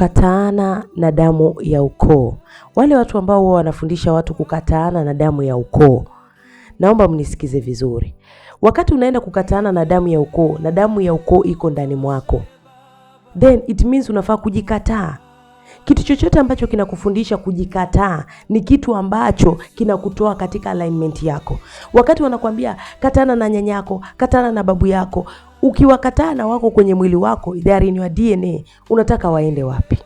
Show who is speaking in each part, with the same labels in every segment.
Speaker 1: kukataana na damu ya ukoo, wale watu ambao huwa wanafundisha watu kukataana na damu ya ukoo, naomba mnisikize vizuri. Wakati unaenda kukataana na damu ya ukoo na damu ya ukoo iko ndani mwako, then it means unafaa kujikataa. Kitu chochote ambacho kinakufundisha kujikataa ni kitu ambacho kinakutoa katika alignment yako. Wakati wanakwambia katana na nyanyako, katana na babu yako, Ukiwakataa na wako kwenye mwili wako, they are in your DNA, unataka waende wapi?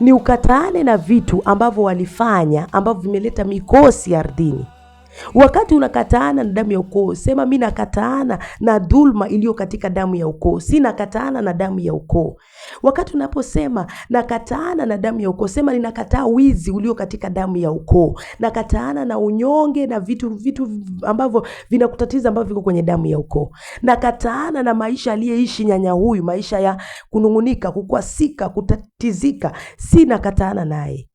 Speaker 1: Ni ukataane na vitu ambavyo walifanya ambavyo vimeleta mikosi ardhini. Wakati unakataana na damu ya ukoo, sema mi nakataana na dhulma iliyo katika damu ya ukoo, si nakataana na damu ya ukoo. Wakati unaposema nakataana na damu ya ukoo, sema ninakataa wizi ulio katika damu ya ukoo, nakataana na unyonge na vitu vitu ambavyo vinakutatiza ambavyo viko kwenye damu ya ukoo, nakataana na maisha aliyeishi nyanya huyu, maisha ya kunung'unika, kukwasika, kutatizika, si nakataana naye.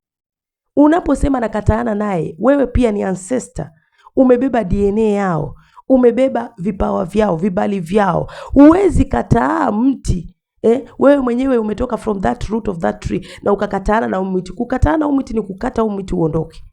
Speaker 1: Unaposema nakataana naye, wewe pia ni ancestor umebeba DNA yao, umebeba vipawa vyao, vibali vyao. Huwezi kataa mti Eh, wewe mwenyewe umetoka from that root of that tree na ukakataana na umiti. Kukataana umiti ni kukata umiti uondoke.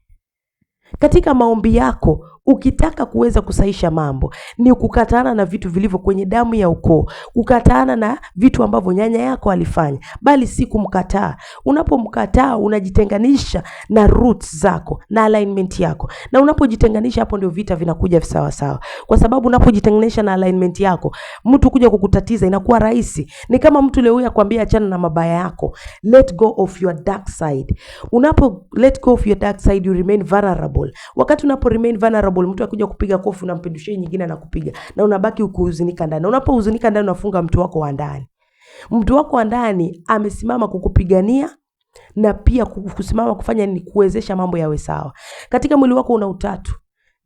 Speaker 1: Katika maombi yako Ukitaka kuweza kusaisha mambo ni kukatana na vitu vilivyo kwenye damu ya ukoo, kukatana na vitu ambavyo nyanya yako alifanya, bali si kumkataa. Unapomkataa unajitenganisha na roots zako na alignment yako, na unapojitenganisha, hapo ndio vita vinakuja sawa sawa, kwa sababu unapojitenganisha na alignment yako, mtu kuja kukutatiza inakuwa rahisi. Ni kama mtu leo akwambia achana na mabaya yako, let go of your dark side. Unapo let go of your dark side, you remain vulnerable. Wakati unapo remain vulnerable comfortable, mtu akija kupiga kofi unampindushia nyingine anakupiga, na unabaki ukihuzunika ndani. Na unapohuzunika ndani, unafunga mtu wako wa ndani. Mtu wako wa ndani amesimama kukupigania na pia kusimama kufanya ni kuwezesha mambo yawe sawa katika mwili wako. Una utatu,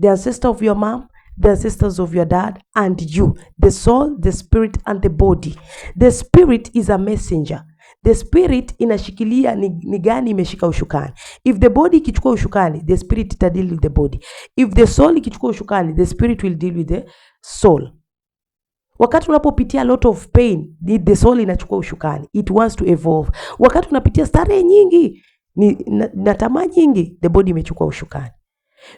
Speaker 1: the ancestor of your mom the ancestors of your dad and you, the soul, the spirit and the body. The spirit is a messenger the spirit inashikilia ni, ni gani imeshika ushukani. If the body ikichukua ushukani, the spirit ita deal with the body. If the soul ikichukua ushukani, the spirit will deal with the soul. Wakati unapopitia lot of pain, ni the soul inachukua ushukani, it wants to evolve. Wakati unapitia starehe nyingi ni, na, na tamaa nyingi, the body imechukua ushukani.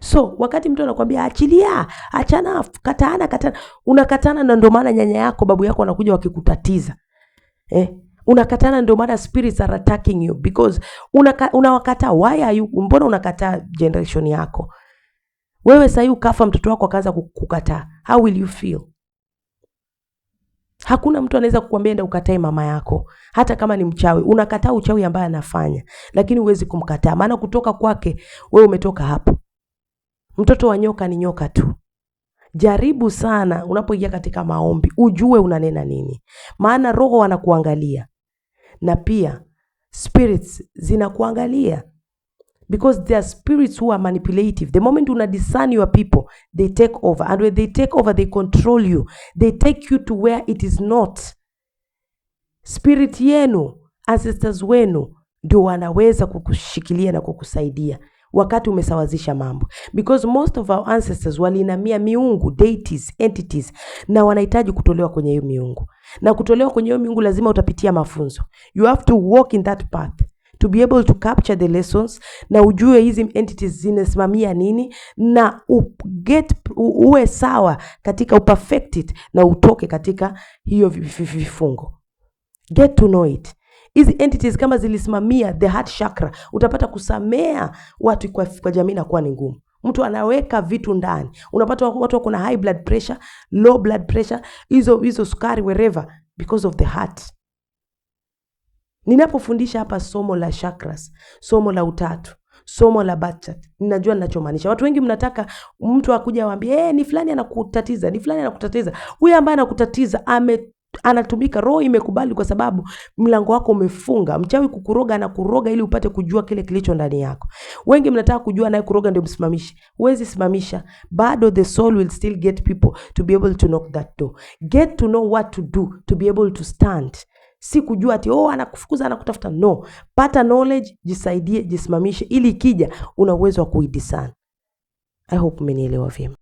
Speaker 1: So wakati mtu anakuambia achilia, achana, katana, katana, unakatana, na ndio maana nyanya yako, babu yako wanakuja wakikutatiza eh? unakatana. Ndio maana spirits are attacking you because unawakata una Why are you, mbona unakataa generation yako? Wewe sahii ukafa, mtoto wako akaanza kukataa, how will you feel? Hakuna mtu anaweza kukwambia enda ukatae mama yako, hata kama ni mchawi. Unakataa uchawi ambaye anafanya, lakini huwezi kumkataa, maana kutoka kwake wewe umetoka hapo. Mtoto wa nyoka ni nyoka tu. Jaribu sana unapoingia katika maombi, ujue unanena nini, maana roho anakuangalia na pia spirits zinakuangalia because there are spirits who are manipulative. The moment una discern your people, they take over, and when they take over, they control you. They take you to where it is not. Spirit yenu ancestors wenu ndio wanaweza kukushikilia na kukusaidia wakati umesawazisha mambo, because most of our ancestors waliinamia miungu, deities, entities, na wanahitaji kutolewa kwenye hiyo miungu, na kutolewa kwenye hiyo miungu lazima utapitia mafunzo. You have to walk in that path to be able to capture the lessons, na ujue hizi entities zinasimamia nini, na u get uwe sawa katika uperfect it, na utoke katika hiyo vifungo. Get to know it hizi entities kama zilisimamia the heart chakra, utapata kusamea watu kwa, kwa jamii nakuwa ni ngumu. Mtu anaweka vitu ndani, unapata watu wako na high blood pressure, low blood pressure, hizo hizo sukari wherever because of the heart. Ninapofundisha hapa somo la chakras, somo la utatu somo la bacha, ninajua ninachomaanisha. Watu wengi mnataka mtu akuja awambie, eh, ni fulani anakutatiza, ni fulani anakutatiza. Huyu ambaye anakutatiza ame anatumika roho imekubali, kwa sababu mlango wako umefunga. Mchawi kukuroga na kuroga ili upate kujua kile kilicho ndani yako. Wengi mnataka kujua, naye kuroga ndio msimamishi Huwezi simamisha bado, the soul will still get people to be able to knock that door, get to know what to do to be able to stand. Si kujua ati oh, anakufukuza anakutafuta. No, pata knowledge, jisaidie, jisimamishe, ili ikija una uwezo wa kuidisan I hope umenielewa vyema.